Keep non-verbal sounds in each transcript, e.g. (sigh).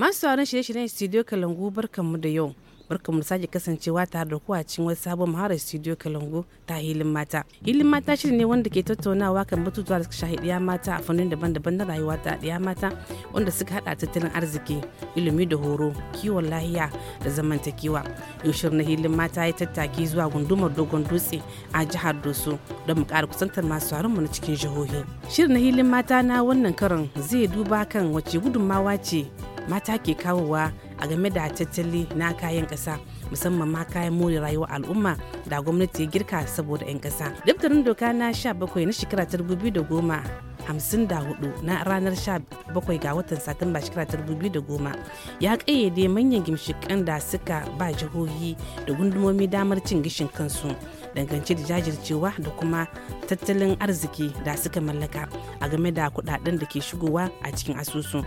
masu sauran shirye-shiryen studio kalangu barkanmu da yau barkanmu da sake kasancewa tare da ku a cikin wani sabon maharar studio kalangu ta hilin mata hilin mata shirin ne wanda ke tattaunawa kan batutuwa da suka shahi ɗiya mata a fannin daban-daban na rayuwa ta ɗiya mata wanda suka haɗa tattalin arziki ilimi da horo kiwon lahiya da zamantakewa yau shirin na hilin mata ya tattaki zuwa gundumar dogon dutse a jihar doso don mu ƙara kusantar masu mu na cikin jihohi shirin na hilin mata na wannan karon zai duba kan wace gudunmawa ce mata ke kawowa a game da tattali na kayan ƙasa musamman ma kayan more rayuwa al'umma da gwamnati girka saboda 'yan ƙasa. Daftarin doka na 17 na shekara 2054 na ranar 17 ga watan satumba shekara 2010 ya kayyade manyan gimshikan da suka ba jihohi da gundumomi damar cin gishin kansu dangance da jajircewa da kuma tattalin arziki da suka mallaka a game da kudaden da ke shigowa a cikin asusu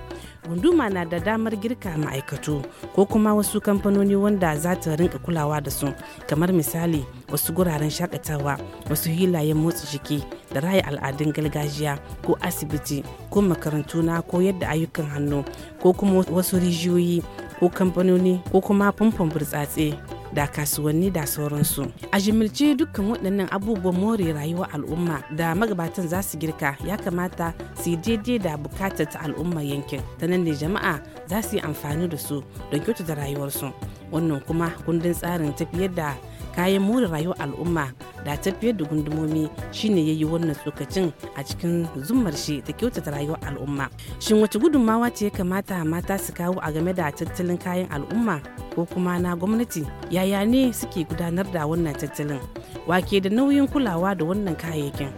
gunduma na da damar girka ma'aikatu ko kuma wasu kamfanoni wanda za ta rinka kulawa da su kamar misali wasu guraren shakatawa wasu hilayen motsa jiki da raya al'adun gargajiya ko asibiti ko makarantu na ko yadda ayyukan hannu ko kuma wasu rijiyoyi ko kamfanoni ko kuma famfon burtsatse da kasuwanni da sauransu a jimilce dukkan waɗannan abubuwan more rayuwar al'umma da magabatan za su girka ya kamata su yi daidai da bukatar ta al'umma yankin ta nan ne jama'a za su yi amfani da su don kyautata rayuwarsu wannan kuma kundin tsarin tafiyar da kayan more rayuwar al'umma da tafiyar da gundumomi shine ya yi wannan tsokacin a cikin zummar shi ta kyautata rayuwar al'umma shin wace gudunmawa ce ya kamata mata su kawo a game da tattalin kayan al'umma ko kuma na gwamnati yaya ne suke gudanar da wannan tattalin wake da nauyin kulawa da wannan kayayyakin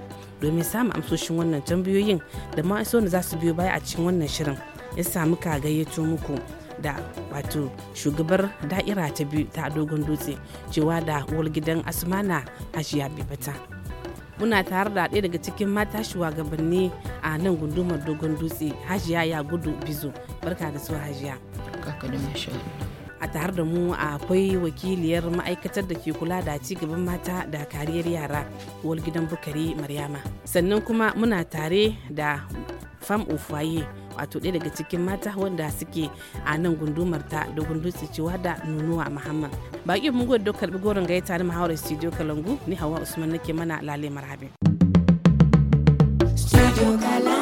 domin samun amsoshin wannan tambayoyin da ma'aso za su biyo baya a cikin wannan shirin ya samu ka gayyato muku da wato shugabar da'ira ta biyu ta dogon dutse cewa da uwar gidan asmana hajiya bibata muna tare da ɗaya daga cikin mata shugabanni a nan gundumar dogon dutse hajiya ya gudu bizo barka da su hajiya a tare da mu akwai wakiliyar ma'aikatar da ke kula da ci gaban mata da kariyar yara wal gidan bukari maryama sannan kuma muna tare da fam ofaye wato ɗaya daga cikin mata wanda suke a nan gundumar ta da gundutse cewa da nunuwa muhammad baƙi mun gwada karɓi goron gaita na mahawar studio kalangu ni hawa usman nake mana lale marhabin studio kalangu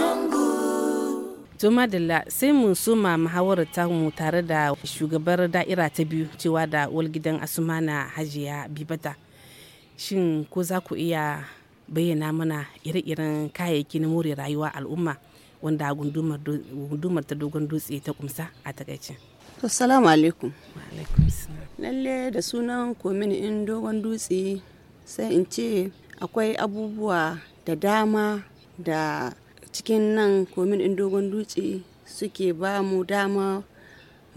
to madalla sai mu soma muhawarar mu tare da shugabar da'ira ta biyu cewa da walgidan asumana hajiya bibata shin ko za ku iya bayyana mana ire-iren kayayyaki na more rayuwa al'umma wanda gundumar ta dogon dutse ta kumsa a takaice. assalamu alaikum lalle da sunan komin in dogon dutse sai in ce akwai abubuwa da dama da cikin nan komin ɗin dogon dutse suke ba mu dama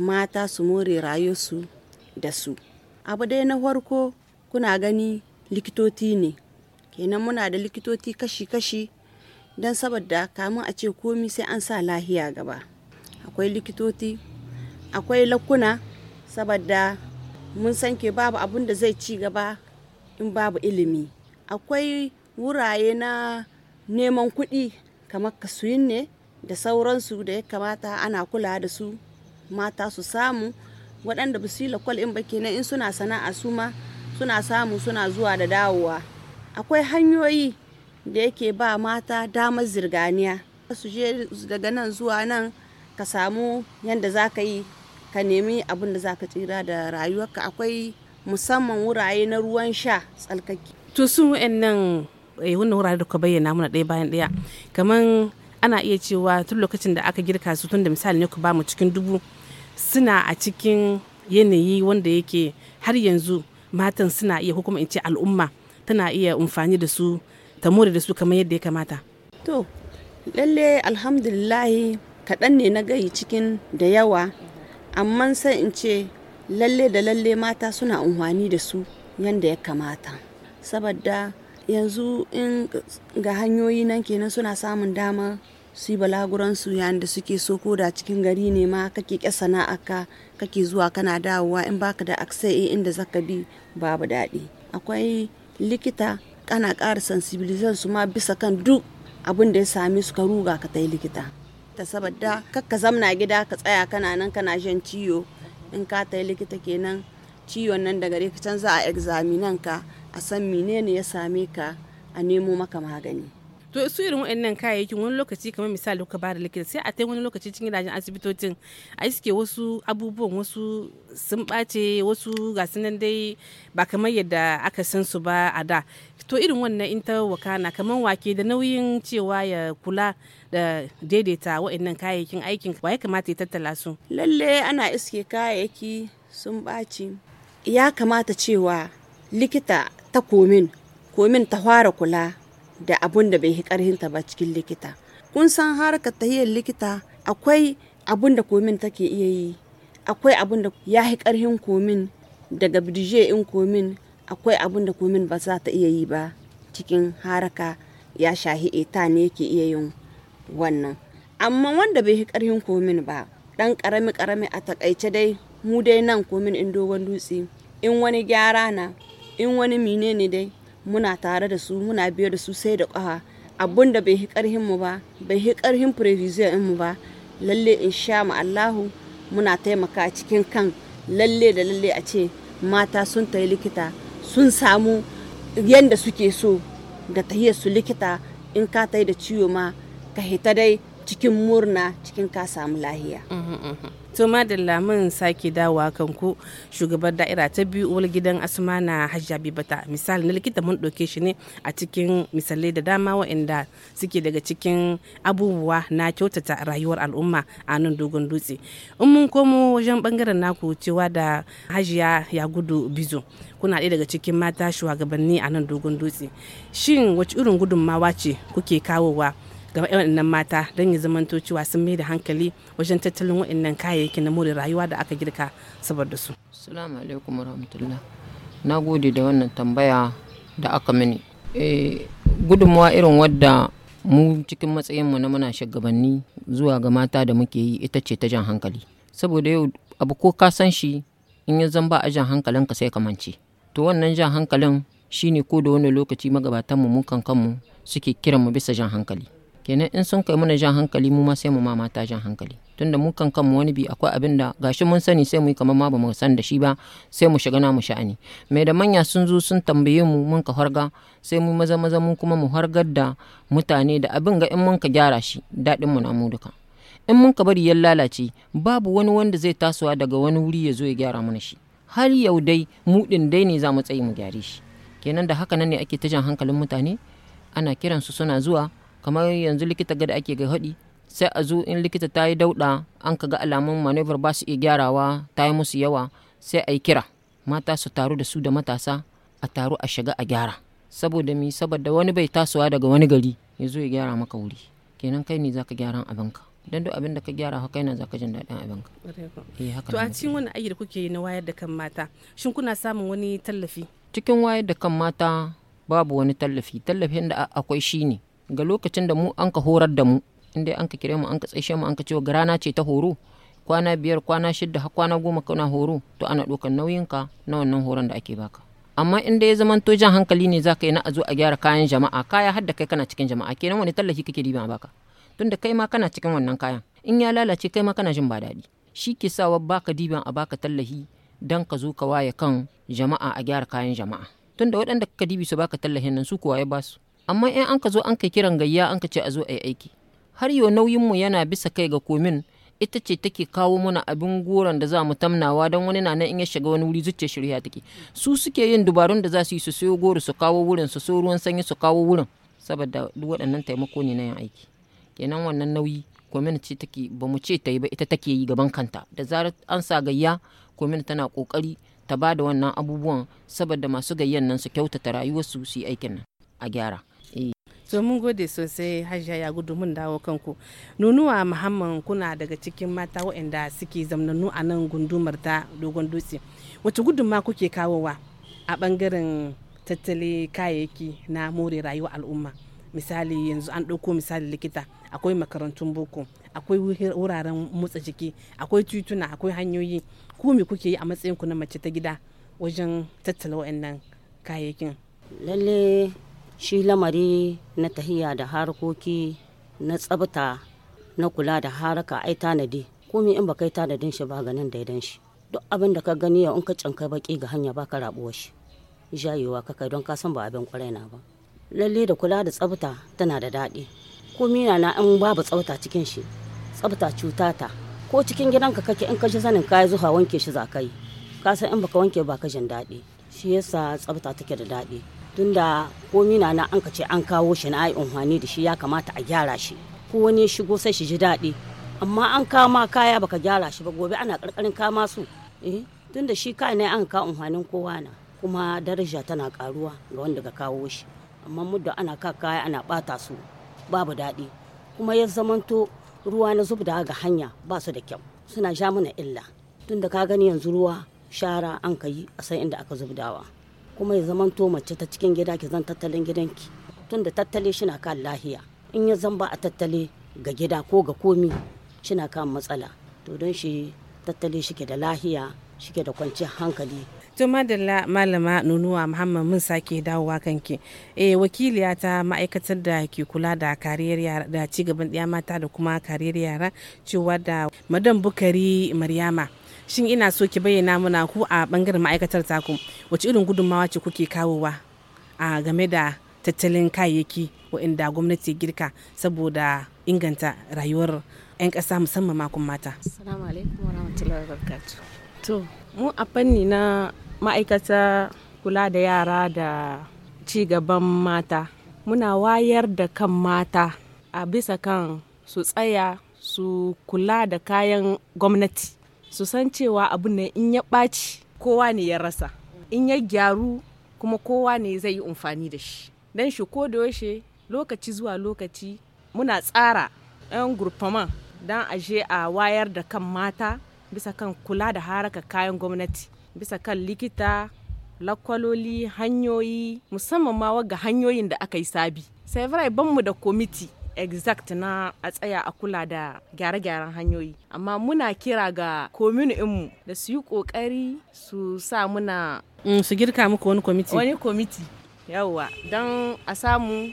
mata su more rayuwarsu da su abu dai na farko kuna gani likitoti ne kenan muna da likitoti kashi-kashi don saboda kamun a ce komi sai an sa lahiya gaba akwai likitoti akwai lakuna saboda mun san ke babu abun da zai ci gaba in babu ilimi akwai wuraye na neman kuɗi kamar kasuyin ne da sauransu da ya kamata ana kula da su mata su samu waɗanda ba su yi lakwal in ba kenan in suna sana'a su ma suna samu suna zuwa da dawowa akwai hanyoyi da yake ba mata damar zirganiya su je daga nan zuwa nan ka samu yadda za ka yi ka nemi abin da za ka tsira da rayuwarka akwai musamman wurare na ruwan sha tsalkaki to su nan Eh, wannan wurare da kuka bayyana muna ɗaya bayan ɗaya kamar ana iya cewa tun lokacin da aka girka su tun da misali ne ku ba mu cikin dubu suna a cikin yanayi wanda yake har yanzu matan suna iya ko kuma in ce al'umma tana iya amfani da su ta more da su kamar yadda ya kamata to lalle alhamdulillahi kaɗan ne na gayi cikin da yawa amma sai in ce lalle da lalle mata suna amfani da su yadda ya kamata saboda yanzu in ga hanyoyi nan kenan suna samun damar su yi balaguransu yayin da suke so ko da cikin gari ne ma kake ƙya sana'a ka kake zuwa kana dawowa in baka da aksai eh, inda zaka bi babu daɗi akwai likita kana ƙara sensibilizan su ma bisa kan duk abin da ya same su ka ruga ka ta likita ta saboda kakka zamna gida ka tsaya kana nan kana shan ciwo in ka ta likita kenan ciwon nan da gare ka za a examinan ka a san menene ya same ka a nemo maka magani to su irin waɗannan kayayyakin wani lokaci kamar misali kuka bada likita sai a tai wani lokaci cikin gidajen asibitocin a iske wasu abubuwan wasu sun ɓace wasu ga nan dai ba kamar yadda aka san su ba a da to irin wannan in ta na kamar wake da nauyin cewa ya kula da daidaita waɗannan kayayyakin aikin wa ya kamata ya tattala su lalle ana iske kayayyaki sun ya kamata cewa likita ta komin komin ta fara kula da abun da bai yi karhinta ba cikin likita kun san harkar yi likita akwai abun da komin take iya yi akwai abun da ya yi karhin komin daga bidije in komin akwai abun da komin ba za ta iya yi ba cikin haraka ya shahi eta ne ke iya yin wannan amma wanda bai yi karhin komin ba dan karami karami a takaice dai mu dai nan komin in dogon dutse in wani gyara na in wani mine ne dai muna tare da su muna biye da su sai da kwaha abun da bai hi mu ba bai hi ƙarhin prevision in mu ba lalle in sha mu Allahu muna taimaka cikin kan lalle da lalle a ce mata sun yi likita sun samu yadda suke so da tahiyar su likita in ka tai da ciwo ma ka hita dai cikin murna cikin ka samu lahiya mhm, mhm. to madalla mun sake dawowa kan ku shugabar da'ira ta biyu wal gidan asmana hajjabi bata misali na likita mun ɗauke shi ne a cikin misalai da dama waɗanda suke daga cikin abubuwa na kyautata rayuwar al'umma a nan dogon dutse in mun komo wajen bangaren naku cewa da hajiya ya gudu bizo kuna ɗaya daga cikin mata shugabanni a nan dogon dutse shin wace irin gudunmawa ce kuke kawowa ga waɗannan mata don ya zamanto cewa sun mai da hankali wajen tattalin waɗannan kayayyakin na more rayuwa da aka girka saboda su. Assalamu alaikum warahmatullah. Na gode da wannan tambaya da aka mini. Eh, gudunmawa irin wadda mu cikin matsayin mu na muna shugabanni zuwa ga mata da muke yi ita ce ta jan hankali. Saboda yau abu ko ka san shi in ya zan ba a jan hankalin ka sai ka mance. To wannan jan hankalin shine ko da wani lokaci magabatanmu mu kan kanmu suke kiran mu bisa jan hankali. kenan in sun kai mana jan hankali mu ma sai mu ma mata jan hankali tunda mu kan kanmu wani bi akwai abin da gashi mun sani sai mu yi kamar ma bamu san da shi ba sai mu shiga namu sha'ani mai da manya sun zo sun tambaye mu mun ka harga sai mu maza maza mu kuma mu hargar da mutane da abin ga in mun ka gyara shi daɗin mu na mu duka in mun ka bari ya lalace babu wani wanda zai tasowa daga wani wuri ya zo ya gyara mana shi har yau dai mu ɗin dai ne za mu tsaye mu gyare shi kenan da haka nan ne ake ta jan hankalin mutane ana kiransu suna zuwa kamar yanzu likita ga da ake ga haɗi sai a zo in likita ta yi dauɗa an ka ga alamun manevar ba su iya gyarawa ta yi musu yawa sai a yi kira mata su taru da su da matasa a taru a shiga a gyara saboda mi saboda wani bai tasowa daga wani gari ya zo ya gyara maka wuri kenan kai ne zaka gyaran abinka don duk abin da ka gyara haka yana zaka jin daɗin abinka eh, to a cikin wani ayyuka da kuke yi na wayar da kan mata shin kuna samun wani tallafi cikin wayar da kan mata babu wani tallafi tallafin da akwai shine ga lokacin da mu an ka horar da mu inda an ka kire mu an ka tsaishe mu an ka cewa rana ce ta horo kwana biyar kwana shidda har kwana goma kana horo to ana ɗaukar nauyinka na wannan horon da ake baka amma in dai ya to jan hankali ne za ka yi na a zo a gyara kayan jama'a kaya har da kai kana cikin jama'a kenan wani tallafi kake diba baka tunda kai ma kana cikin wannan kayan in ya lalace kai ma kana jin ba daɗi shi ke sawa baka diban a baka tallahi don ka zo ka waye kan jama'a a gyara kayan jama'a tun da waɗanda ka dibi su baka tallahin nan su kuwa ya basu amma in an ka zo an ka kiran gayya an ka ce a zo a yi aiki har yau nauyinmu yana bisa kai ga komin ita ce take kawo mana abin goron da za mu tamnawa don wani na nan in ya shiga wani wuri zuciya shirya take su suke yin dubarun da za su yi su sayo goro su kawo wurin su sayo ruwan sanyi su kawo wurin saboda duk waɗannan taimako ne na yin aiki kenan wannan nauyi ce take ba mu ce ta yi ba ita take yi gaban kanta da zarar an sa gayya komin tana kokari ta ba da wannan abubuwan saboda masu gayyan nan su kyautata rayuwarsu su yi aikin nan a gyara to mun gode sosai hajiya ya gudu mun dawo kanku nunuwa muhammad kuna daga cikin mata waɗanda suke zamnannu a nan gundumar ta dogon dutse wace gudunma kuke kawowa a bangaren tattali kayayyaki na more rayuwa al'umma misali yanzu an ɗauko misali likita akwai makarantun boko akwai wuraren motsa jiki akwai tituna akwai hanyoyi ku me kuke yi a matsayinku na mace ta gida wajen tattala waɗannan kayayyakin lalle shi lamari na tahiya da harkoki na tsabta na kula da haraka ai tanadi komai in ba yi tanadin shi ba ganin daidan shi duk abin da ka gani yau in ka canka baki ga hanya ba ka rabuwa shi jayewa ka kai don ka san ba abin kwarai na ba lalle da kula da tsabta tana da daɗi komai na na in babu tsabta cikin shi tsabta cuta ta ko cikin gidanka kake in ka ji sanin ka yi zuwa wanke shi za ka yi ka san in baka wanke ba ka jin daɗi shi yasa tsabta take da daɗi tunda komi na an kace an kawo shi na ai unhwani da shi ya kamata a gyara shi ko wani ya shigo sai shi ji daɗi amma an kama kaya baka gyara shi ba gobe ana karkarin kama su eh tunda shi kai ne an ka unhwanin kowa na kuma daraja tana karuwa ga wanda ka kawo shi amma muddo ana ka kaya ana bata su babu daɗi kuma ya zamanto ruwa na zub da ga hanya ba su da kyau suna ja mana illa tunda ka gani yanzu ruwa shara an ka a san inda aka zubdawa kuma ya zamanto mace ta cikin gida ki zan tattalin gidanki tunda tattale shi na kan lahiya in ya zan ba a tattali ga gida ko ga komi shi na kan matsala to don shi tattale shi ke da lahiya shi ke da kwanciyar hankali to madalla malama nunuwa muhammad mun sake dawowa kanki eh wakiliya ta ma'aikatar da ke kula da kariyar yara da cigaban ɗaya mata da kuma kariyar yara cewa da madam bukari maryama shin ina so ki bayyana muna ku a bangaren ma'aikatar taku wace irin gudunmawa ce kuke kawowa a game da tattalin kayayyaki wa'inda gwamnati girka saboda inganta rayuwar 'yan ƙasa musamman makon mata. To, mu a fanni na ma'aikata kula da yara da ci gaban mata, muna wayar da kan mata a bisa kan su tsaya su kula da kayan gwamnati. su san cewa abu ne in ya ɓaci kowa ne ya rasa in ya gyaru kuma kowa ne zai yi amfani da shi don shi ko da yaushe lokaci zuwa lokaci muna tsara 'yan gurfaman don aje a wayar da kan mata bisa kan kula da haraka kayan gwamnati bisa kan likita lakwaloli hanyoyi musamman ma waga hanyoyin da aka yi sabi sai ban mu da komiti exact na a tsaya a kula da gyare-gyaren hanyoyi amma muna kira ga inmu da su yi kokari su sa muna mm, su girka muku wani kwamiti wani kwamiti yawwa don a samu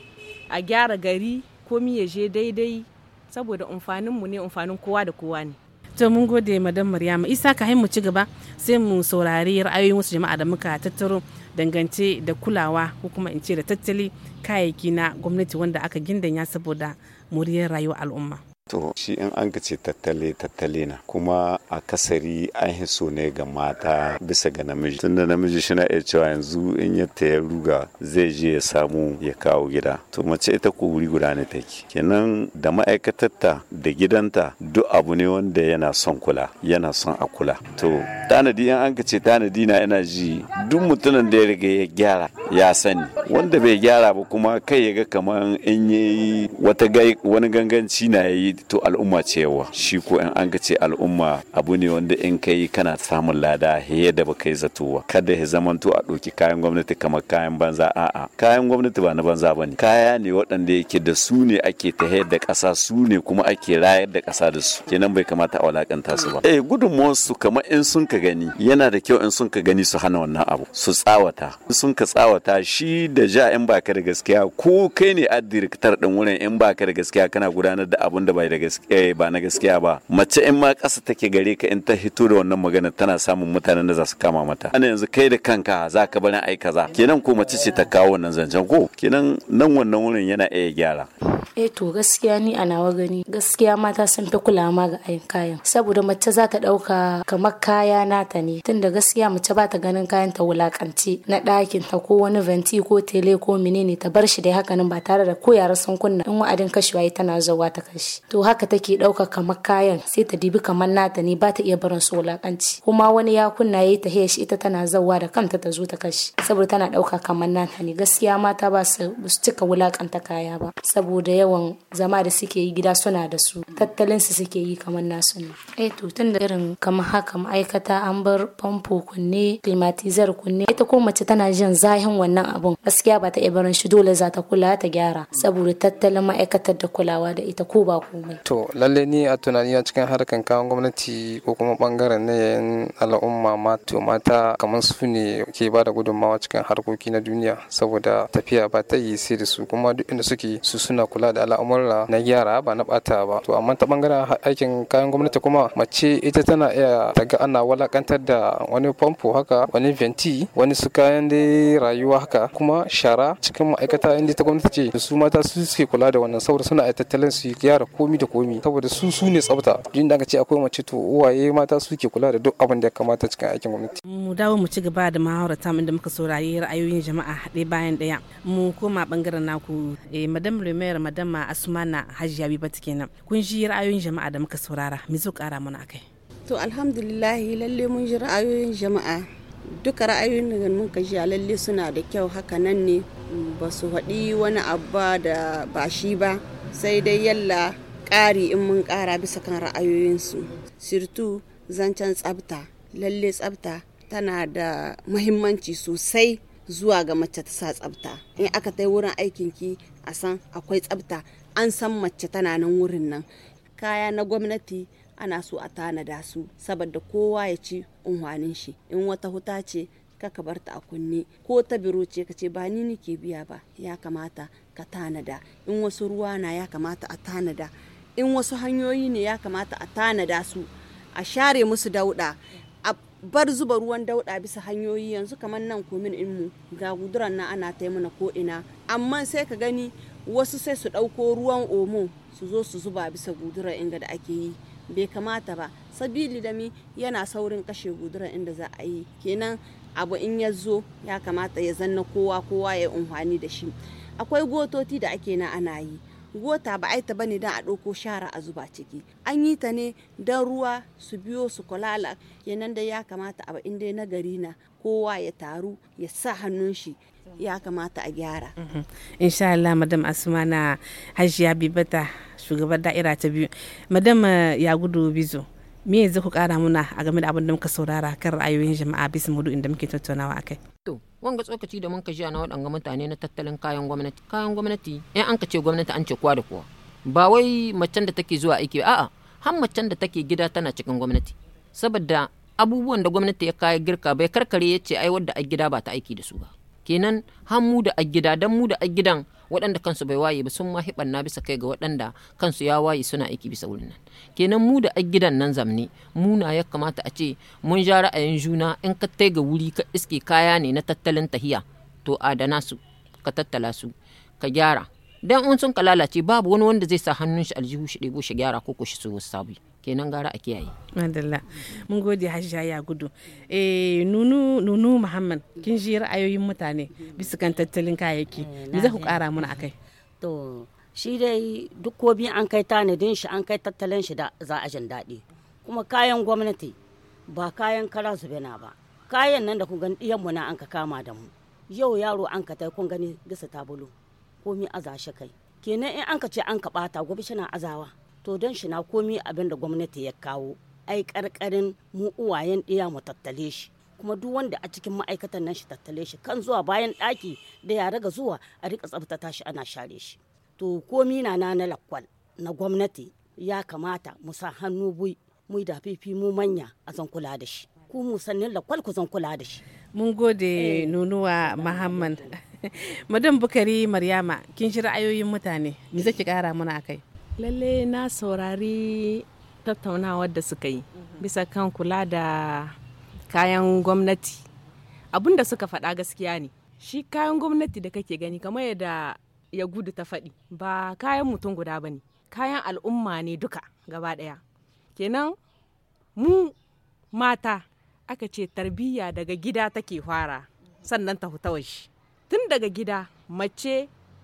a gyara gari komi ya je daidai saboda umfaninmu ne umfanin kowa da kowa ne to mun gode madan maryama isa ka mu ci gaba sai mu saurari ra'ayoyin wasu jama'a da muka tattaro dangance da kulawa ko kuma in ce da tattali kayayyaki na gwamnati wanda aka gindanya saboda muriyar rayuwar al'umma To shi in an ce tattale tattale na kuma a kasari an so ne ga mata bisa ga namiji tun da namiji shina iya cewa yanzu in ya ya ruga zai je ya samu ya kawo gida to mace ita ko wuri guda ne take kenan da ma'aikatarta da gidanta duk abu ne wanda yana son kula yana son a kula to tanadi in an ce tanadi na ina ji duk mutumin da ya riga ya gyara ya sani wanda bai gyara ba kuma kai ya ga kamar in yi wata wani ganganci na yi. to al'umma ce yawa shi ko in an ce al'umma abu ne wanda in kai kana samun lada heye da baka yi zatuwa kada ya to a ɗauki kayan gwamnati kamar kayan banza a'a kayan gwamnati ba na banza bane kaya ne waɗanda yake da su ne ake ta da ƙasa su ne kuma ake rayar da ƙasa da su kenan bai kamata a walakanta su ba eh gudunmuwan su kamar in sun ka gani yana da kyau in sun ka gani su hana wannan abu su tsawata in sun ka tsawata shi da ja in baka da gaskiya ko kai ne a direktar din wurin in baka da gaskiya kana gudanar da abun da bai da gaskiya eh, ba na gaskiya ba mace in ma ƙasa take gare ka in ta hito da wannan magana tana samun mutanen da za su kama mata ana yanzu kai da kanka za ka bari ai kaza kenan ko mace ce ta kawo wannan zancen ko kenan nan wannan wurin yana iya gyara eh to gaskiya ni a nawa gani gaskiya mata sun fi kulawa ma ga ayin kayan saboda mace za ta ɗauka kamar kaya nata ne tunda gaskiya mace ba ta ganin kayan ta wulakance na ɗakin ta ko wani venti ko tele ko menene ta bar shi dai nan ba tare da ko yara sun kunna in wa'adin kashewa tana zawa ta kashi to haka take ɗauka kamar kayan sai ta dibi kamar nata ne ba ta iya barin su wulakanci kuma wani ya kunna yayi ta shi ita tana zawa da kanta ta zo ta kashi saboda tana ɗauka kamar nata ne gaskiya mata ba su cika wulakanta kaya ba saboda yawan zama da suke yi gida suna da su tattalin su suke yi kamar nasu ne eh to tun da irin kamar haka ma'aikata an bar famfo kunne climatizer kunne ita ko mace tana jin zahin wannan abun gaskiya ba ta iya barin shi dole za ta kula ta gyara saboda tattalin ma'aikatar da kulawa da ita ko ba ko to lalle ni a tunani a cikin harkan kayan gwamnati ko kuma bangaren na yayin al'umma ma mata kamar su ne ke bada da gudunmawa cikin harkoki na duniya saboda tafiya ba ta yi sai da su kuma duk inda suke su suna kula da al'amura na yara ba na bata ba to amma ta bangaren aikin kayan gwamnati kuma mace ita tana iya Daga ga ana walakantar da wani famfo haka wani venti wani su kayan da rayuwa haka kuma shara cikin ma'aikata inda ta gwamnati ce su mata su suke kula da wannan saboda suna tattalin su yara komi komi da komi saboda su su ne tsafta jin da aka ce akwai mace to uwaye mata suke kula da duk abin da ya kamata cikin aikin gwamnati mu dawo mu ci gaba da mahaurata mu da muka saurari ra'ayoyin jama'a ɗaya bayan ɗaya mu koma bangaren naku eh madam lumayar madama asmana hajiya bibatu kenan kun ji ra'ayoyin jama'a da muka saurara me zo kara mana akai to alhamdulillahi lalle mun ji ra'ayoyin jama'a duka ra'ayoyin da mun ka ji lalle suna da kyau haka nan ne ba su faɗi wani abba da ba shi ba sai dai yalla ƙari in mun ƙara bisa kan ra'ayoyinsu sirtu zancen tsabta lalle tsafta tana da mahimmanci sosai zuwa ga mace ta sa tsafta in aka tai wurin aikinki a san akwai tsabta an san mace tana nan wurin nan kaya na gwamnati ana so a tanada su saboda kowa ya ci unhwanin shi in wata huta ce ka bar ta a kunne ko ta biro ce ka ce ba ni ke biya ba ya kamata ka tanada in wasu ruwa na ya kamata a tanada in wasu hanyoyi ne ya kamata a tanada su a share musu dauɗa a bar zuba ruwan dauɗa bisa hanyoyi yanzu kamar nan komin mu ga guduran nan ana ta mana ko ina amma sai ka gani wasu sai su ɗauko ruwan omo su zo su zuba bisa guduran inga da ake yi bai kamata ba sabili da mi yana saurin kashe guduran inda za a yi kenan abu in ya zo ya kamata ya zanna kowa kowa ya umfani da shi akwai gototi da ake na ana yi gota ba a yi ta bane don a ɗauko shara a zuba ciki an yi ta ne don ruwa su biyo su kulala yanan da ya kamata a inda na gari na kowa ya taru ya sa hannun shi ya kamata a gyara mm-hmm. insha Allah madam asmana hajiya bibata shugabar da'ira ta biyu madam eh, ya gudu bizo me yanzu ku kara muna a game da abin da muka saurara kan ra'ayoyin jama'a bisa mudu inda muke tattaunawa akai to wanga tsokaci da mun muka ji na waɗanga mutane na tattalin kayan gwamnati kayan gwamnati in an ka ce gwamnati an ce kowa da kowa ba wai macen da take zuwa aiki a'a har macen da take gida tana cikin gwamnati saboda abubuwan da gwamnati ya kaya girka bai karkare ya ce ai wadda a gida ba ta aiki da su ba kenan hannu da agida dan mu da agidan waɗanda kansu bai waye ba sun ma na bisa kai ga waɗanda kansu ya waye suna aiki bisa wurin nan kenan mu da agidan nan zamne mu na ya kamata a ce mun ja ra'ayin juna in ka tai ga wuri ka iske kaya ne na tattalin tahiya to adana su ka tattala su ka gyara dan in sun ka lalace babu wani wanda zai sa hannun shi aljihu shi ɗebo shi gyara ko ko shi so sabi kenan gara a kiyaye madalla mun gode hajja ya gudu eh nunu nunu muhammad kin ji ra'ayoyin mutane bisa kan tattalin kayayyaki eh, me za ku kara mana akai to shi dai duk ko bi an kai tanadin shi an kai tattalin shi da za a jin daɗi kuma kayan gwamnati ba kayan kara zube na ba kayan nan da ku gani mu na an ka kama da mu yau yaro an ka tai kun gani gisa tabulu komi aza shi kai kenan in an ka ce an ka bata gobe shi na azawa to don shi na komi abin da gwamnati ya kawo ai karkarin mu uwayen ɗaya mu tattale shi kuma duk wanda a cikin ma'aikatan nan shi tattale shi kan zuwa bayan ɗaki da ya raga zuwa a rika tsabtata shi ana share shi to komi na na na lakwal na gwamnati ya kamata mu sa hannu bui mu da fifi mu manya a zan kula da shi ku mu sannin lakwal ku zan kula da shi mun gode eh. nunuwa muhammad (laughs) madam bukari maryama kin shi ra'ayoyin mutane me zaki kara mana kai. lalle na saurari tattaunawar da suka yi mhm. bisa kan kula da kayan gwamnati abun da suka faɗa gaskiya ne shi kayan gwamnati da kake gani kamar yadda ya gudu ta faɗi ba kayan mutum guda ba ne kayan al'umma ne duka gaba ɗaya kenan mu mata aka ce tarbiyya daga gida take fara sannan ta huta waje tun daga gida mace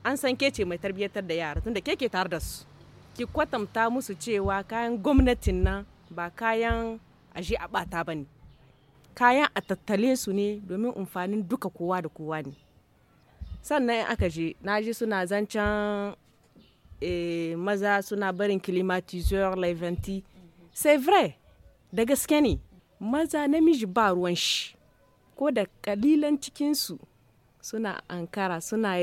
an san ke ce mai tarbiyyatar da yara tun da ke ke tare da su ki kwatanta musu cewa kayan gwamnatin nan ba kayan aji a bata ba ne kayan a tattale su ne domin amfanin duka kowa da kowa ne sannan in aka je na ji suna zancen eh, maza suna barin climatiseur levanti c'est vrai da gaske ne maza namiji ba ruwan shi ko da kalilan cikinsu suna ankara suna,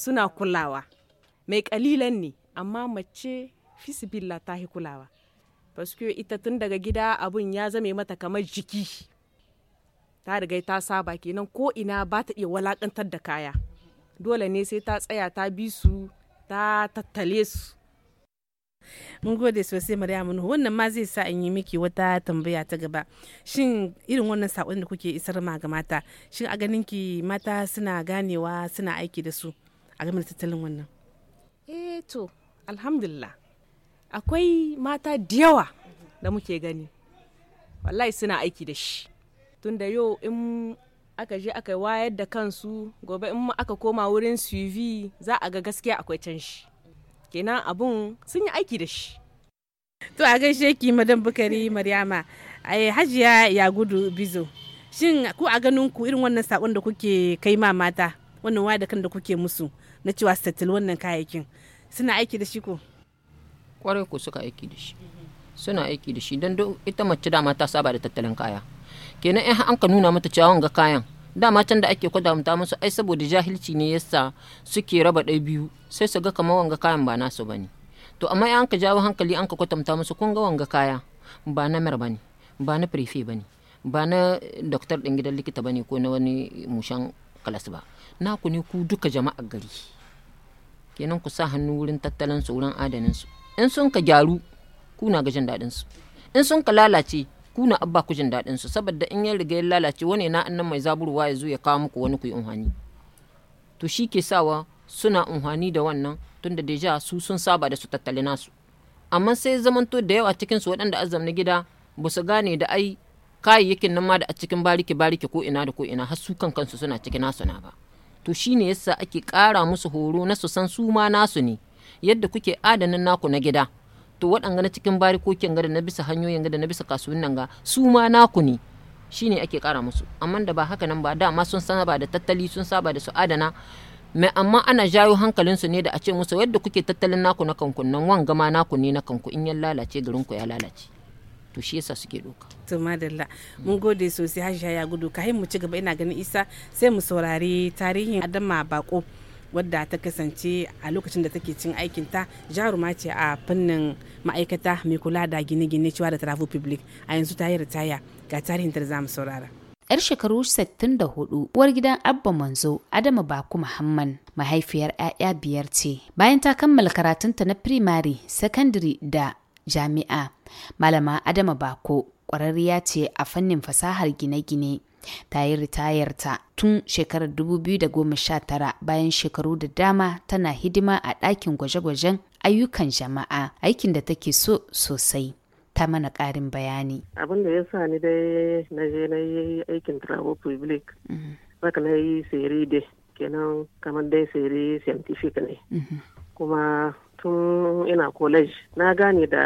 suna kulawa mai kalilan ne amma mace fisibilla ta yi kulawa basu ita tun daga gida abun ya zame mata kamar jiki ta riga ta saba kenan ko ina ba ta iya walakantar da kaya dole ne sai ta tsaya ta bi su ta tattale su mun gode sosai maryamu nuhu wannan ma zai sa in yi miki wata tambaya ta gaba shin irin wannan saƙon da kuke isar ma ga mata shin a ganin ki mata suna ganewa suna aiki da su a game da tattalin wannan eh to alhamdulillah akwai mata da yawa da muke gani wallahi suna aiki da shi tunda yau in aka je aka wayar da kansu gobe in aka koma wurin suv za a ga gaskiya akwai can shi kenan abun sun yi aiki da shi to a gaishe ki madan bukari maryama hajiya ya gudu bizo shin ku a ganin ku irin wannan sakon da kuke kai ma mata wannan waya da kan da kuke musu na cewa statil wannan kayayyakin suna aiki da shi ko kwarai ku suka aiki da shi suna aiki da shi don ita mace da mata saba da tattalin kaya kenan in an ka nuna mata cewa ga kayan dama can da ake kwadamta musu ai saboda jahilci ne yasa suke raba ɗai biyu sai su ga kamar wanga kayan ba nasu bane to amma in ka jawo hankali an ka kwatanta musu kun ga wanga kaya ba na mer bane ba na prefe bane ba na doktor ɗin gidan likita bane ko na wani mushan kalas ba naku ne ku duka jama'a gari kenan ku sa hannu wurin tattalin su wurin adanin su in sun ka gyaru ku na ga jin daɗin su in sun ka lalace kuna abba ku jin daɗin su saboda in ya riga ya lalace wani na annan mai zaburwa ya zo ya kawo muku wani ku yi unhani to shi ke sawa suna unhani da wannan tunda deja su sun saba da su tattali nasu amma sai zamanto da yawa cikin su waɗanda azam na gida ba su gane da ai kayayyakin nan ma da a cikin bariki bariki ko ina da ko ina har su kansu suna cikin nasu na ba to shine yasa ake ƙara musu horo na su san su ma nasu ne yadda kuke adanin naku na gida to waɗanga na cikin barikokin ga da na bisa hanyoyin ga da na bisa kasuwannin ga su ma naku ne shine ake kara musu amma da ba haka nan ba dama sun saba da tattali sun saba da su adana mai amma ana jayo su ne da a ce musu yadda kuke tattalin naku na kanku nan gama na naku ne na kanku in ya lalace ku ya lalace to shi yasa suke doka to madalla mun gode sosai hajiya ya gudu ka mu ci gaba ina ganin isa sai mu saurari tarihin adama bako wadda ta kasance a lokacin da take cin aikinta jaruma ce a fannin ma'aikata mai kula da gine-gine cewa da travel public a yanzu ta yi ritaya ga tarihin da mu saurara. yar shekaru 64 uwar gidan abba manzo adama baku muhammad mahaifiyar 'ya'ya biyar ce bayan ta kammala karatunta na firimare sakandare da jami'a malama adama bako kwararriya ce a fannin fasahar gine-gine ta yi ritayarta tun shekarar 2019 bayan shekaru da dama tana hidima a ɗakin gwaje-gwajen ayyukan jama'a aikin da take so sosai. ta mana ƙarin bayani. Abin da ya sa ni dai na je na yi aikin travel public, baka mhm. na yi sere dai kenan kamar dai sere scientific ne. Mhm. Kuma tun ina college na gane da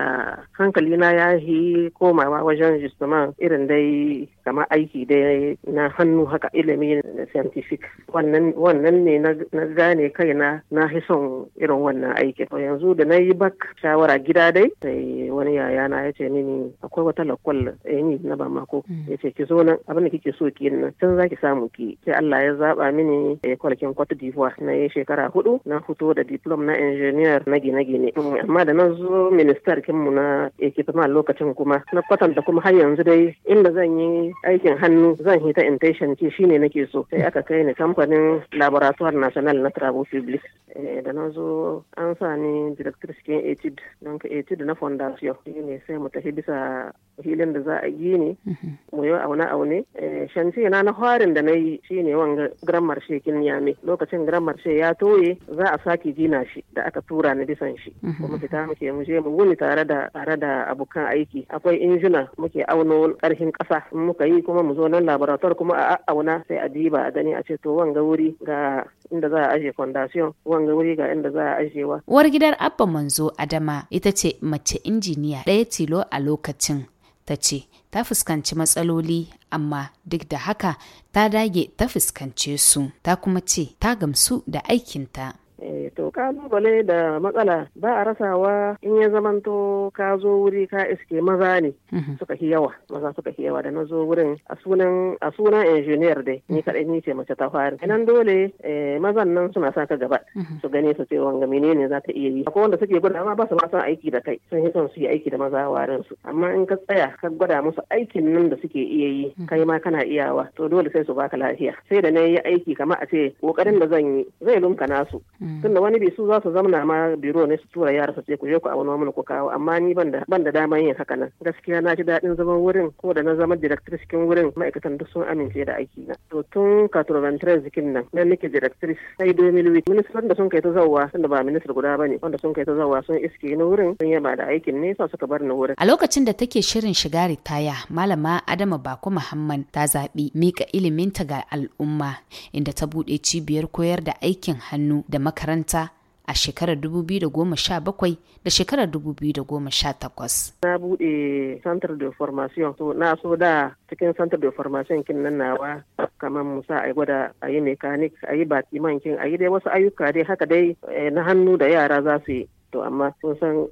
hankali na ya yi komawa wajen justement irin dai kama aiki dai na hannu haka ilimi scientific wannan ne na gane kai na na son irin wannan aiki to yanzu da na yi bak shawara gida dai sai wani yaya na ya ce mini akwai wata lakwal eh, ni na ba mako hmm. ya ce ki zo nan abin da kike so ki nan can za ki samu ki sai Allah ya zaba mini eh, kwalkin Cote d'Ivoire na yi shekara hudu na fito da diplom na injiniyar. na gine-gine mm, amma da na zo ministar kinmu na ekipama lokacin kuma na kwatanta kuma har yanzu dai inda zan yi aikin hannu zan hita intention ce shine nake so sai aka kai ni kamfanin laboratoire national na travaux public eh, da na zo an sa ni director kin etude don ka na fondation ne sai mu tafi bisa filin da za a yi ne mhm. mu yi aune aune eh, shanti na na harin da na yi shine wanga grammar shekin yami lokacin grammar she ya toye za a sake gina shi da aka tura ni son shi kuma mhm. fita muke mu je mu wuni tare da tare da abokan aiki akwai injina muke auno karhin kasa in muka yi kuma mu zo nan laborator kuma a auna sai a diba a gani a ce to wanga wuri ga inda za a aje foundation wanga wuri ga inda za a wa uwar gidar abba manzo adama ita ce mace injiniya ɗaya tilo a lokacin ta ce ta fuskanci matsaloli amma duk da haka ta dage ta fuskance su ta kuma ce ta gamsu da aikinta Eh, to kalubale da matsala ba a rasawa in ya zamanto ka zo wuri ka iske maza ne mhm. suka fi yawa maza suka fi yawa da na zo wurin a sunan injiniyar da engineer dai ni kadai ni ce mace ta fari nan dole eh, mazan nan suna sa ka gaba mhm. su gane su ce wanga menene za ta iya yi akwai wanda suke gwada ma ba su ma san aiki da kai sun yi son su yi aiki da maza warin su amma in ka tsaya ka gwada musu aikin nan da suke iya yi mhm. kai ma kana iyawa to dole sai su baka lafiya sai da na yi aiki kamar a ce kokarin da zan yi zai lumka nasu Mm. tunda wani bai su za su zamana ma biro ne su tura yara su ce ku je ku auna mana ku kawo amma ni ban da daman yin haka nan gaskiya na ji daɗin zaman wurin ko da na zama director cikin wurin ma'aikatan duk sun amince da aiki na to tun katuro zikin nan nan nake director sai 2008 ministan da sun kai ta zauwa tunda ba ministar guda ba ne. wanda sun kai ta zauwa sun iske ni wurin sun yaba da aikin ne sa suka bar ni wurin a lokacin da take shirin shiga ritaya malama Adama Bako Muhammad ta zaɓi mika ta ga al'umma inda ta buɗe cibiyar koyar da aikin hannu da makaranta a shekarar 2017 da shekarar 2018. Na buɗe Centre de Formation, to na so da cikin Centre de Formation kin nan nawa kamar musa a gwada a yi mekanik a yi batiman kin a yi dai wasu ayyuka dai haka dai eh, na hannu da yara za su yi. To amma sun san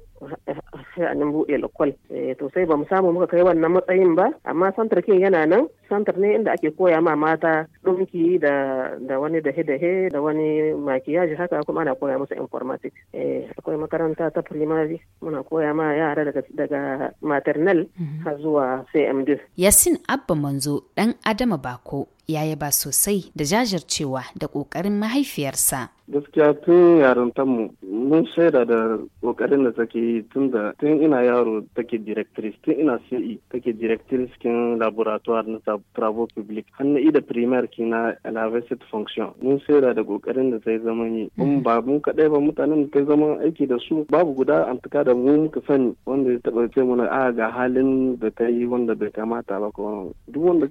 sha'anin buɗe lokal eh, to sai ba mu samu muka kai wannan matsayin ba amma santar kin yana nan santar ne inda ake koya ma mata ɗunki da da wani dahe dahe da wani makiyaji haka kuma ana koya musu informatics eh, akwai makaranta ta primary muna koya ma yara daga daga maternal mhm. har zuwa cmd yasin abba manzo dan adama bako ya yaba sosai da jajircewa da ƙoƙarin mahaifiyarsa. Gaskiya tun yarintanmu mun shaida da ƙoƙarin da take yi tun da tun ina yaro take directrice tun ina CE take directrice kin laboratoire na travo public har na ida primaire ki na elevated function mun shaida da ƙoƙarin da zai zama yi. Mun mm-hmm. ba mun kaɗai ba mutanen da ta zama aiki da su babu guda amtuka da mu muka sani wanda ya taɓa ce mana a ah, ga halin da ta yi wanda bai kamata ba ko duk wanda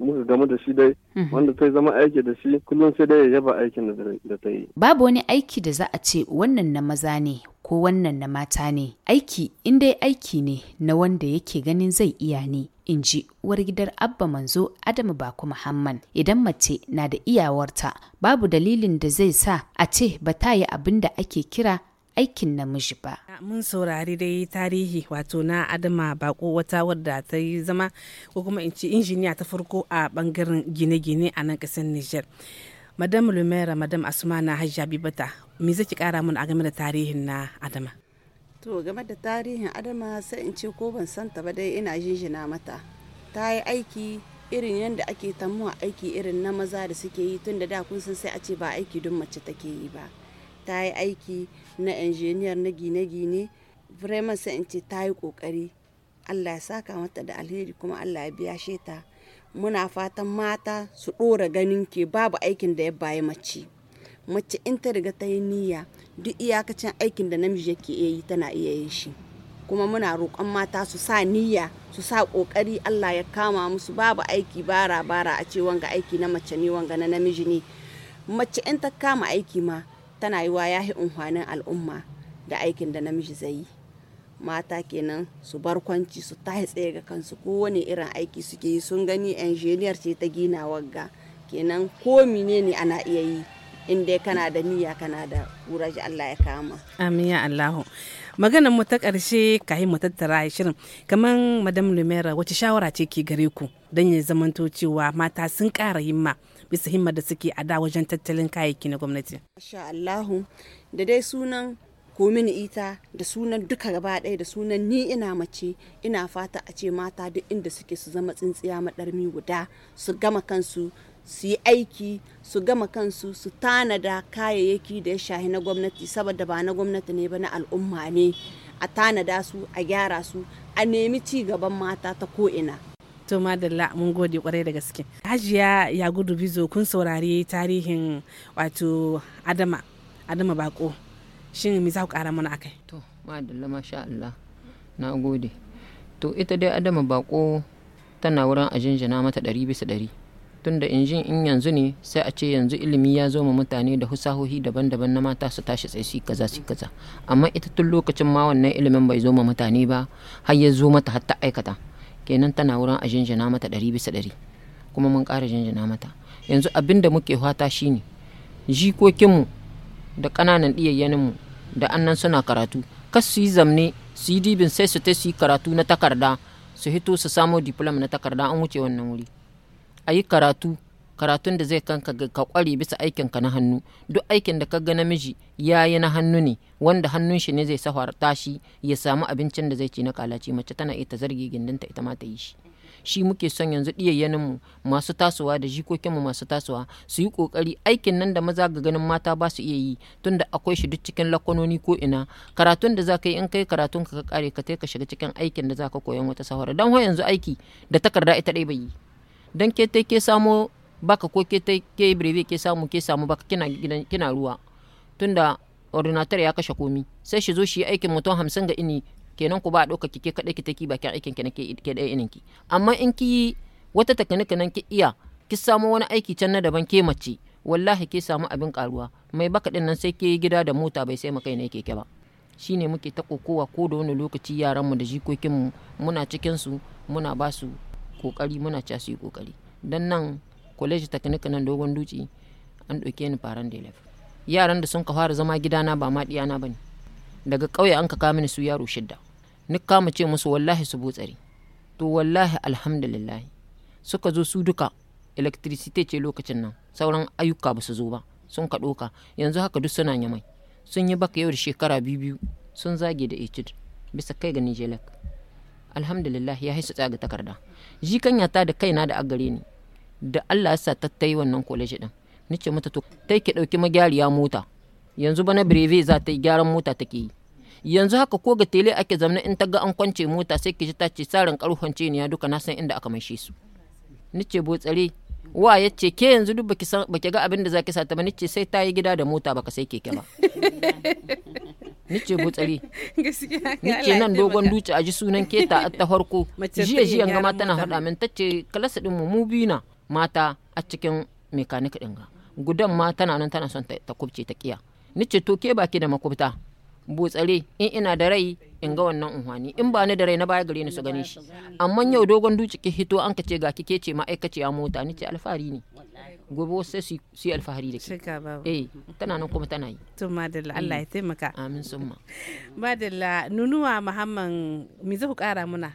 muka gamu da shi da sosai mhm. wanda ta zama aiki da shi kullum sai dai ya yaba aikin da ta yi. Babu wani aiki da za a ce wannan na maza ne ko wannan na mata ne. Aiki in dai aiki ne na wanda yake ganin zai iya ne. In ji uwar gidar Abba Manzo Adamu Baku Muhammad idan mace na da iyawarta babu dalilin da zai sa a ce ba ta yi abin da ake kira aikin namiji ba. Mun saurari dai tarihi wato na Adama Bako wata wadda ta yi zama ko kuma in ce injiniya ta farko a bangaren gine-gine a nan kasar Nijar. Madam Lumera, Madam Asmana Hajji Abibata, me zaki kara mun a game da tarihin na Adama? To game da tarihin Adama sai in ce ko ban santa ba dai ina jinjina mata. Ta yi aiki irin yadda ake tamuwa aiki irin na maza da suke yi tun da kun san sai a ce ba aiki don mace take yi ba ta yi aiki na injiniyar na gine-gine vraiment sai in ce ta yi kokari allah ya saka mata da alheri kuma allah ya biya she ta muna fatan mata su ɗora ganin ke babu aikin da ya bayi mace mace in ta riga ta yi niyya duk iyakacin aikin da namiji yake iya yi tana iya yin shi kuma muna roƙon mata su sa niyya su sa ƙoƙari allah ya kama musu babu aiki bara bara a ce wanga aiki na mace ne wanga na namiji ne mace in ta kama aiki ma tana yiwa ya yi unhwanin al'umma da aikin da namiji zai yi mata kenan su barkwanci su tahi tsaye ga kansu wani irin aiki suke yi sun gani injiniyar ce ta gina wagga kenan ko mine ne ana iya yi in dai kana da niyya kana da kuraji Allah ya kama amin ya Allahu maganar mu ta ƙarshe yi mu tattara shirin kamar madam lumera wace shawara ce ke gare ku don ya zamanto cewa mata sun ƙara himma bisa himma da suke a da wajen tattalin kayayyaki na gwamnati masha Allahu da dai sunan komin ita da sunan duka gaba ɗaya da sunan ni ina mace ina fata a ce mata duk inda suke su zama tsintsiya maɗarmi guda su gama kansu su yi aiki su gama kansu su tanada kayayyaki da ya shahi na gwamnati saboda ba na gwamnati ne ba na al'umma ne a tanada su a gyara su a nemi ci gaban mata ta ko'ina to madalla mun gode kwarai da gaske hajiya ya gudu bizo kun saurari tarihin wato adama adama bako shin me za ku kara mana akai to madalla masha Allah na gode to ita dai adama bako tana wurin ajinjina mata ɗari bisa ɗari tunda injin in yanzu ne sai a ce yanzu ilimi ya zo ma mutane da husahohi daban-daban na mata su tashi tsaye shi kaza kaza amma ita tun lokacin ma wannan ilimin bai zo ma mutane ba har ya zo mata har ta aikata kenan tana wurin a jinjina mata ɗari bisa ɗari kuma mun ƙara jinjina mata yanzu abin da muke fata shine jikokinmu da ƙananan ɗiyayyaninmu da annan suna karatu kas su yi zamne su yi dibin sai su ta su yi karatu na takarda su hito su samo diploma na takarda an wuce wannan wuri a yi karatu karatun da zai kanka ka kware bisa aikin ka na hannu duk aikin da ka ga namiji ya yi na hannu ne wanda hannun shi ne zai safarta shi ya samu abincin da zai ci na kalaci mace tana ita ta zargi ta ita ma ta yi shi shi muke son yanzu mu masu tasowa da jikokinmu masu tasowa su yi ƙoƙari aikin nan da maza ga ganin mata ba su iya yi tunda akwai shi duk cikin lakononi ko ina karatun da za ka yi in kai karatun ka ka kare ka ka shiga cikin aikin da za ka koyan wata sahara dan ho yanzu aiki da takarda ita dai bai yi don ke ke samo baka ko ke ke brevi ke samu ke samu baka kina kina ruwa tunda ordinator ya kashe komi sai shi zo shi aikin mutum hamsin ga ini kenan ku ba doka ɗauka kike kada ki take bakin aikin ki ke ɗaya inin ki amma in ki wata takanika nan ki iya ki samu wani aiki can na daban ke mace wallahi ke samu abin karuwa mai baka ɗin nan sai ke gida da mota bai sai makai ne keke ba shine muke ta kokowa ko da wani lokaci yaranmu da jikokinmu muna cikin su muna ba su kokari muna ca su kokari dan nan college technique nan dogon duci an ɗauke ni faran da yaran da sun ka fara zama gidana ba ma ɗiyana ba ne daga ƙauye an ka kama su yaro shidda ni kama ce musu wallahi su butsari to wallahi alhamdulillah suka zo su duka electricity ce lokacin nan sauran ayyuka ba su zo ba sun ka ɗoka yanzu haka duk suna yamai sun yi baka yau da shekara biyu biyu sun zage da ecid bisa kai ga nijelek alhamdulillah ya haisu tsaga takarda jikanya ta da kaina da agare ni da Allah ya sa ta ta yi wannan kwaleji din ni ce mata to ta ki ɗauki magyariya mota yanzu bana breve za ta yi gyaran mota take yi yanzu haka ko ga tele ake zamna in ta ga an kwance mota sai ki ji ta ce tsarin karfan ce ne ya duka na san inda aka maishe su ni ce botsare wa ya ce ke yanzu duk baki san baki ga abin da zaki sa ta ba ce sai ta yi gida da mota baka sai keke ba (laughs) Ni ce nice Ni ce nan dogon duce a ji sunan keta a ta farko jiya jiya gama tana hada min tace kalasa din mu mu biyu na mata a cikin mekanik din ga gudan ma tana nan tana son ta kubce ta kiya ni ce to ke baki da makubta butsare in ina da rai in ga wannan unhwani in ba ni da rai na baya gare ni su gane shi amma yau dogon duci ke hito an kace ga kike ce ma'aikaciya mota ni ce alfahari ne gobe wasu sai su yi alfahari da ke eh tana nan kuma tana yi to madalla mm. Allah ya taimaka amin summa (laughs) madalla nunuwa muhammad me zai ku kara muna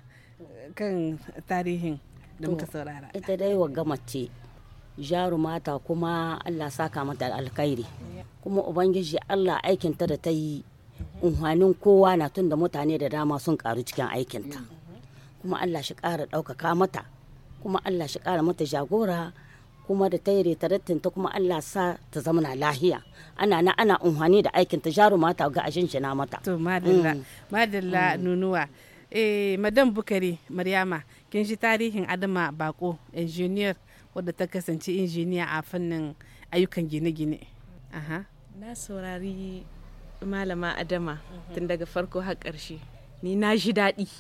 kan tarihin da muka saurara ita dai wagga mace mata kuma Allah saka mata alkhairi kuma ubangiji Allah aikinta da ta yi unhanin kowa na tun da mutane da dama sun karu cikin aikinta kuma Allah shi ƙara ɗaukaka mata kuma Allah shi ƙara mata jagora kuma da ta yi ta kuma Allah sa ta zamana lahiya ana na ana unhani da aikinta jarumata ga ajinjina mata to madalla mm. madalla mm. nunuwa eh madam bukari maryama kin shi tarihin adama bako engineer wadda ta kasance injiniya a fannin ayyukan gine-gine na saurari malama adama mhm. tun daga farko har ƙarshe ni na ji daɗi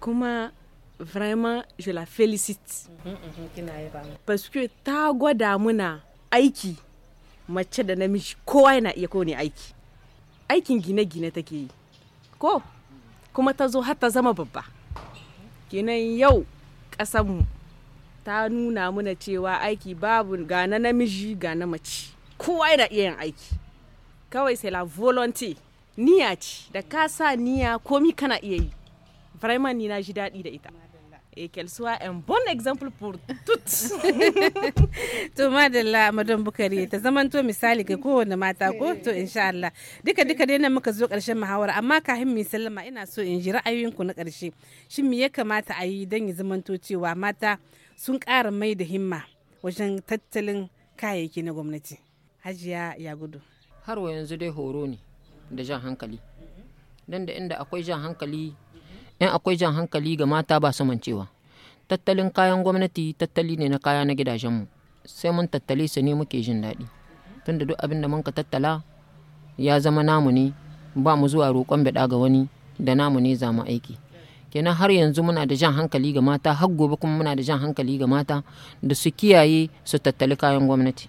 kuma vraiment je la félicite mhm, mhm, parce que ta gwada muna aiki mace da namiji kowa yana iya kowane aiki aikin gine-gine take yi ko kuma ta zo har ta zama babba kenan yau ƙasanmu ta nuna mana cewa aiki babu ga na namiji ga na mace kowa yana iya yin aiki kawai sai la volonté niyya ce da ka sa niyya komi kana iya yi vraiment ni na ji daɗi da ita et qu'elle soit un bon exemple pour toutes. (laughs) to madalla madam bukari ta zamanto misali ga kowane mata ko to insha Allah duka duka dai nan muka zo karshen muhawara amma kafin mu sallama ina so in ji ra'ayoyinku na karshe shin me ya kamata a yi dan ya zamanto cewa mata sun ƙara mai da himma wajen tattalin kayayyaki na gwamnati hajiya ya gudu har wa yanzu dai horo ne da jan hankali dan da inda akwai jan hankali in akwai jan hankali ga mata ba su samancewa tattalin kayan gwamnati tattali ne na kaya na gidajenmu sai mun tattale su ne muke jin daɗi tunda duk abin da mun ka tattala ya zama namu ne ba mu zuwa roƙon bida ga wani da namu ne za mu aiki kenan har yanzu muna da jan hankali ga mata har gobe kuma muna da jan hankali ga mata da su kiyaye su tattali kayan gwamnati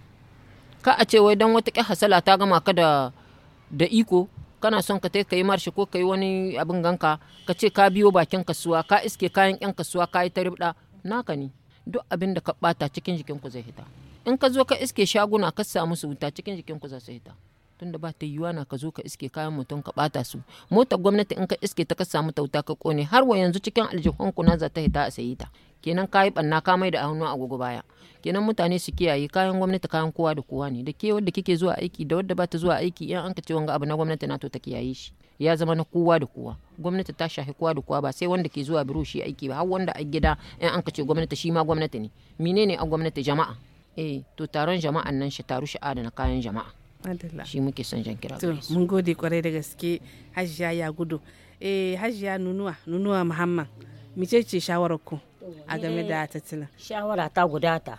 ka a ce wai don wata hasala ta gama ka da iko kana son ka ka yi marshi ko ka yi wani abin ganka ka ce ka biyo bakin kasuwa ka iske kayan yan kasuwa ka yi ta ribda naka ne duk abin da ka bata cikin jikin zai hita in ka zo ka iske shaguna ka samu su cikin jikin ku za hita tunda ba ta yiwuwa na ka zo ka iske kayan mutum ka bata su motar gwamnati in ka iske ta ka samu tauta ka kone har wa yanzu cikin aljihun kuna za ta hita a sayi ta kenan kayi banna ka mai da hannu a gugu baya kenan mutane su kiyaye kayan gwamnati kayan kowa da kowa ne da ke wanda kike zuwa aiki da wadda ba ta zuwa aiki in an ka ce wanga abu na gwamnati na to ta kiyaye shi ya zama na kowa da kowa gwamnati ta shahi kowa da kowa ba sai wanda ke zuwa biro shi aiki ba har wanda a gida in an ka ce gwamnati shi ma gwamnati ne menene a gwamnati jama'a eh to taron jama'an nan shi taru shi na kayan jama'a shi muke son jan kira to mun gode kwarai da gaske hajiya ya gudu eh hajiya nunuwa nunuwa muhammad mice ce shawarar ku a game da eh, tattalin shawara ta guda ta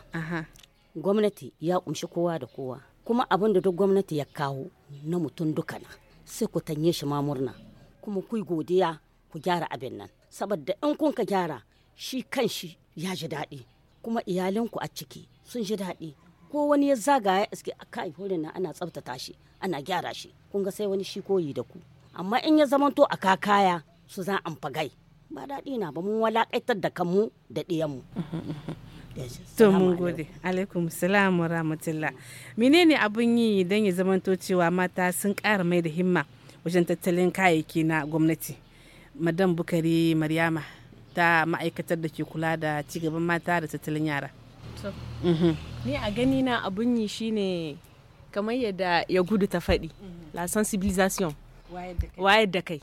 gwamnati ya kunshi kowa da kowa kuma abin da duk gwamnati ya kawo na mutum duka na sai ku tanye shi ma murna kuma ku godiya ku gyara abin nan saboda in kun ka gyara shi kanshi ya ji daɗi kuma iyalinku a ciki sun ji daɗi ko wani ya zagaya ya iske kai horin na ana tsabtata shi ana gyara shi kun ga sai wani shi koyi da ku amma in ya zamanto a kakaya su za an fagai ba daɗi na ba mun walaƙaitar da kanmu da ɗiyanmu. (laughs) To mun gode. Alaikum salam rahmatullah. Menene abun yi don ya zamanto cewa mata sun ƙara mai da himma wajen tattalin kayayyaki na gwamnati? Madam Bukari Maryama ta ma'aikatar da ke kula da cigaban mata da tattalin yara. Mhm. ni a gani na abun yi shine kamar yadda ya gudu ta faɗi mhm. la sensibilisation wayar da kai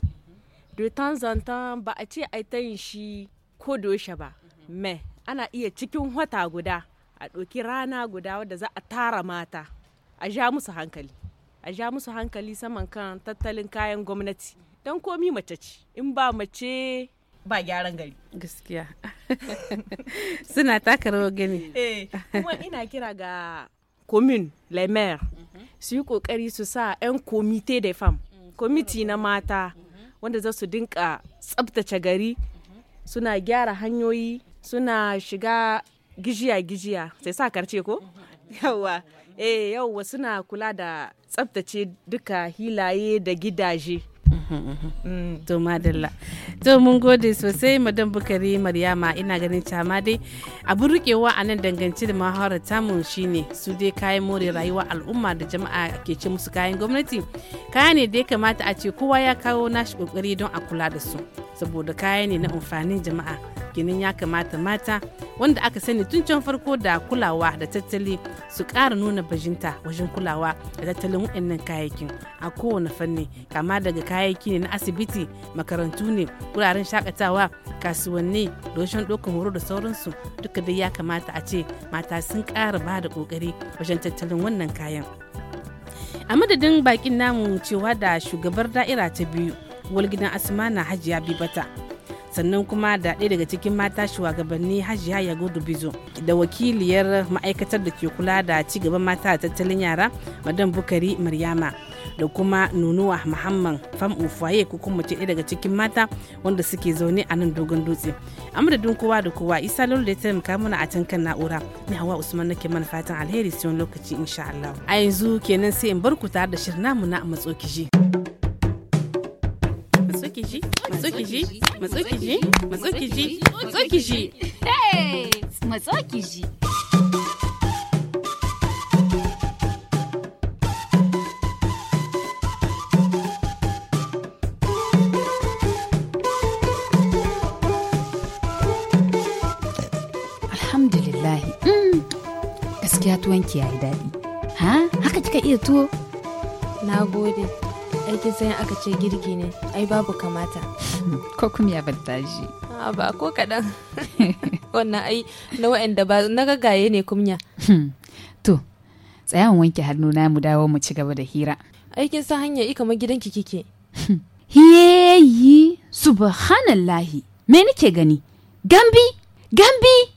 do mhm. temps en temps ba a ce ai ta yin shi ko doshe ba me ana iya cikin wata guda a ɗauki rana guda wadda za a tara mata a ja musu hankali a ja musu hankali saman kan tattalin kayan gwamnati don komi mace ce in ba mace ba gyaran gari gaskiya (laughs) suna taka rawar gani eh kuma ina kira ga commune le maire mhm. su yi kokari su sa 'yan komite da fam mhm. komiti na mata mhm. wanda za su dinka tsabtace gari suna gyara hanyoyi suna shiga gijiya-gijiya sai sa karce ko yawa eh yawa suna kula da tsabtace duka hilaye da gidaje Mm, to madalla to mun gode sosai madan bukari maryama ina ganin cama dai abin rikewa a nan dangance da mahawar tamun shine su dai kayan more rayuwa al'umma da jama'a ke ce musu kayan gwamnati kaya ne da ya kamata a ce kowa ya kawo nashi kokari don a kula da su saboda kaya ne na amfanin jama'a ginin ya kamata mata wanda aka sani tun can farko da kulawa da tattali su ƙara nuna bajinta wajen kulawa da tattalin waɗannan kayayyakin a kowane fanni kama daga kayan aiki ne na asibiti makarantu ne wuraren shakatawa kasuwanni doshin dokar horo da sauransu duka dai ya kamata a ce mata sun kara ba da kokari wajen tattalin wannan kayan a madadin bakin namu cewa da shugabar da'ira ta biyu walgidan asmana hajiya bibata sannan kuma da ɗaya daga cikin mata shugabanni hajiya gudu bizo da wakiliyar ma'aikatar da ke kula da ci gaban mata a tattalin yara madan bukari maryama da kuma nunuwa muhammad fam ufaye ko kuma ce daga cikin mata wanda suke zaune a nan dogon dutse amadadin kowa da kowa isa lalu da ta taimaka mana a can kan na'ura ni hawa usman nake mana fatan alheri sai lokaci insha allah a yanzu kenan sai in bar ku tare da shirin namu na matso kiji matso kiji matso kiji matso kiji matso kiji matso kiji matso kiji tuwonki ya yi daɗi ha haka kika iya tuwo na gode aikin sai aka ce girki ne ai babu kamata (laughs) ko kuma ya battaji a ba ko kaɗan (laughs) wannan ai na wa'anda ba na gaye ne kumya hmm. to tsayawan wanke hannu na mu dawo mu ci gaba da hira aikin sa hanya i kamar gidanki kike hmm. hiyeyi subhanallahi me nake gani gambi gambi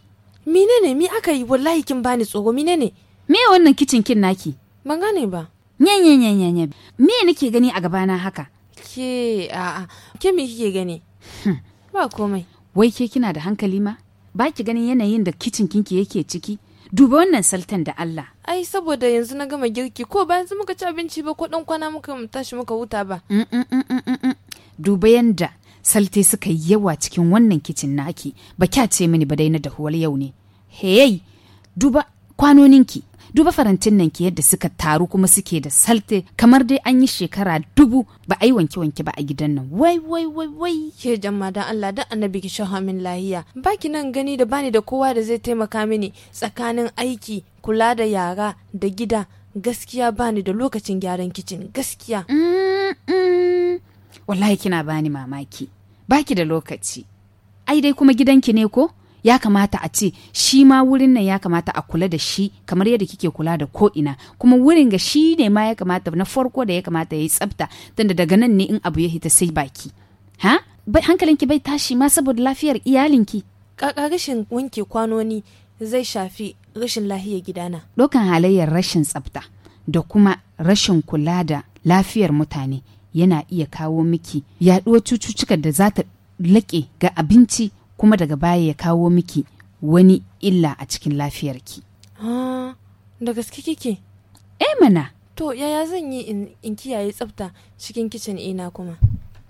mine ne mi aka yi wallahi kin bani tsoro mine ne. me wannan kicin kin naki ban gane ba nyanyanyanyanyan me nake gani a gabana haka ke a'a ke me kike gani hm. ba komai wai ke kina da hankali ma ba ki ganin yanayin da kicin kinki yake ciki duba wannan saltan da Allah ai saboda yanzu na gama girki ko ba yanzu muka ci abinci ba ko dan kwana muka tashi muka huta ba mm, mm, mm, duba yanda salte suka yi yawa cikin wannan kicin naki ba kya ce mini ba dai na dahuwar yau ne heyai duba kwanoninki duba farantin nan ki yadda suka taru kuma suke da salte kamar dai an yi shekara dubu ba a yi wanke wanke ba a gidan nan wai wai wai wai ke jama dan Allah dan annabi ki shaha min lahiya baki nan gani da bani da kowa da zai taimaka mini tsakanin aiki kula da yara da gida gaskiya bani da lokacin gyaran kicin gaskiya mm, mm. wallahi kina bani mamaki baki da lokaci ai dai kuma gidanki ne ko ya kamata a ce shi ma wurin nan ya kamata a kula da shi kamar yadda kike kula da ko ina kuma wurin ga shi ne ma ya kamata na farko da ya kamata ya yi tsafta tunda daga nan ne in abu ya hita sai baki ha bai hankalinki bai tashi ma saboda lafiyar iyalinki ƙaƙa rashin wanke kwanoni zai shafi rashin lahiyar gidana dokan halayyar rashin tsafta da kuma rashin kula da lafiyar mutane yana iya kawo miki yaɗuwar cututtukan da za ta laƙe ga abinci kuma daga baya ya kawo miki wani illa a cikin lafiyarki. Ah, da gaske kike? Eh mana. To yaya zan yi in, kiyaye tsafta cikin kicin ina kuma?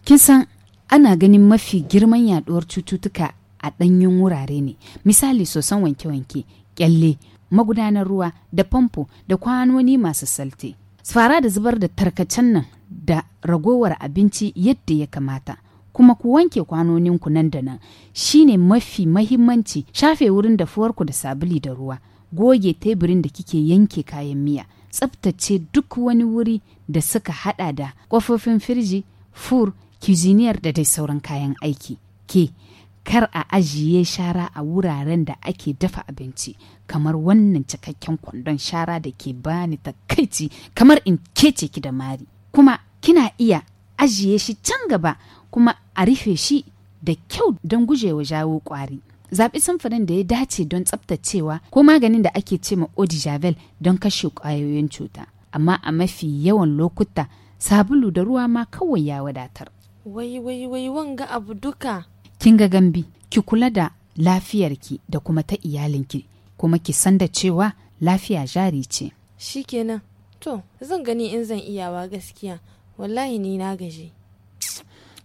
Kin san ana ganin mafi girman yaduwar cututtuka a ɗanyen wurare ne. Misali sosan wanke-wanke, ƙyalle, magudanar ruwa da famfo da kwanoni masu salte. Fara da zubar da tarkacen nan da ragowar abinci yadda ya kamata. kuma ku wanke kwanoninku nan da nan shine mafi mahimmanci shafe wurin dafuwarku da sabuli da ruwa goge teburin da kike yanke kayan miya tsabtace duk wani wuri da suka hada da kofofin firji fur kiziniyar da dai sauran kayan aiki ke kar a ajiye shara a wuraren da ake dafa abinci kamar wannan cikakken kwandon shara da ke bani takaici kamar in kece ki da mari kuma kina iya ajiye shi can gaba kuma a rufe shi da kyau don gujewa jawo kwari. zaɓi samfurin da ya dace don tsaftacewa ko maganin da ake ce ma odijavel don kashe ƙwayoyin cuta amma a mafi yawan lokuta sabulu da ruwa ma kawai ya wadatar wai wai wai wanga abu duka kin ga gambi ki kula da lafiyarki da kuma ta iyalinki kuma ki san da cewa lafiya jari ce shikenan to zan gani in zan iyawa gaskiya wallahi ni na gaji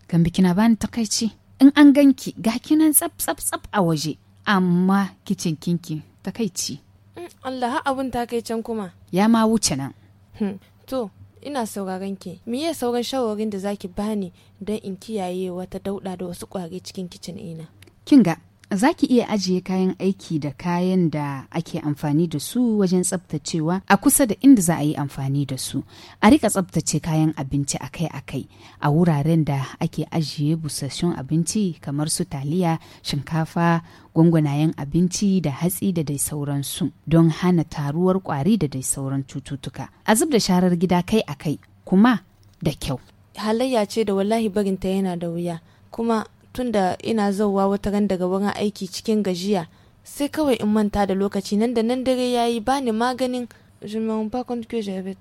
gambi kina bani takaici in an ganki ga kinan tsaf tsaf a waje amma kicin kinki takaici mm, Allah abun takaicen kuma ya ma wuce nan hmm, to ina sauraron ki miye sauran shawarin da zaki bani don in kiyaye wata dauɗa da wasu kwari cikin kicin ina kinga Za ki iya ajiye kayan aiki da kayan da ake amfani da su wajen tsabtacewa a kusa da inda za a yi amfani da su. A rika tsabtace kayan abinci akai-akai a wuraren da ake ajiye busassun abinci kamar su taliya, shinkafa, gwangwanayen abinci da hatsi da dai sauransu don hana taruwar kwari da dai sauran cututtuka. A zub da sharar gida kai-akai kuma da kyau. Halayya ce da wallahi barinta yana da wuya kuma tunda ina zauwa wata ran daga wurin aiki cikin gajiya sai kawai in manta da lokaci nan da nan dare yayi bani maganin ni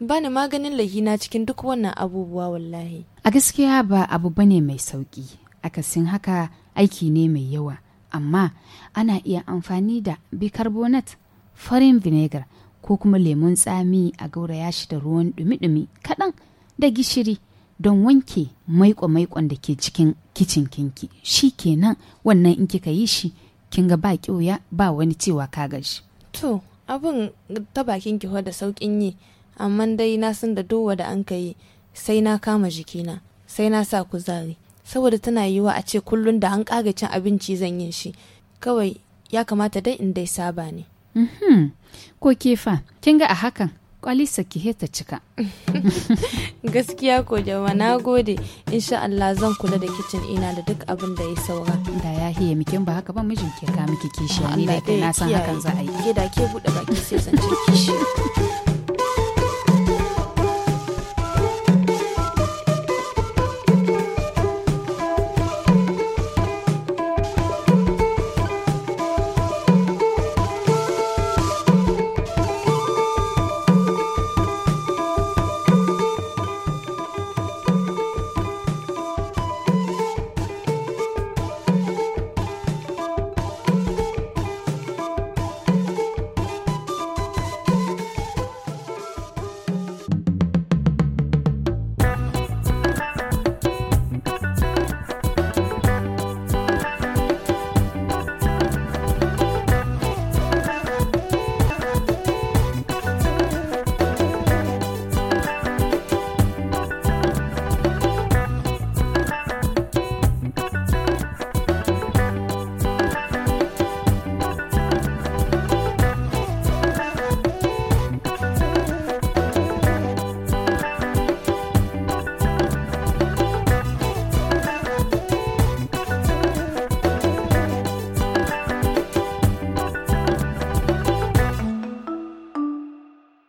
Bani maganin lahina cikin duk wannan abubuwa wallahi. A gaskiya ba abu bane mai sauki, akasin haka aiki ne mai yawa, amma ana iya amfani da bicarbonate, farin vinegar ko kuma lemun tsami a gauraya shi da ruwan dumi-dumi kaɗan da gishiri. don wanke maiko-maikon da ke cikin kicin kinki shi kenan wannan in kika yi shi kin ga ba ƙyoya ba wani cewa ka gashi. to abin ta bakin ki da sauƙin yi amma dai na san da dowa da an ka yi sai na kama jikina sai na sa kuzari saboda tana yiwa a ce kullum da an kaga cin abinci zan yin shi kawai ya kamata dai in dai saba ne. Mhm. ko kefa kin ga a hakan kwalisa ki heta cika gaskiya ko jama na gode insha Allah zan kula da kicin ina da duk abin da ya saura da ya hiye mikin ba haka ba mijin ke ka miki kishi ni da na san hakan za a yi gida ke bude baki sai san kishi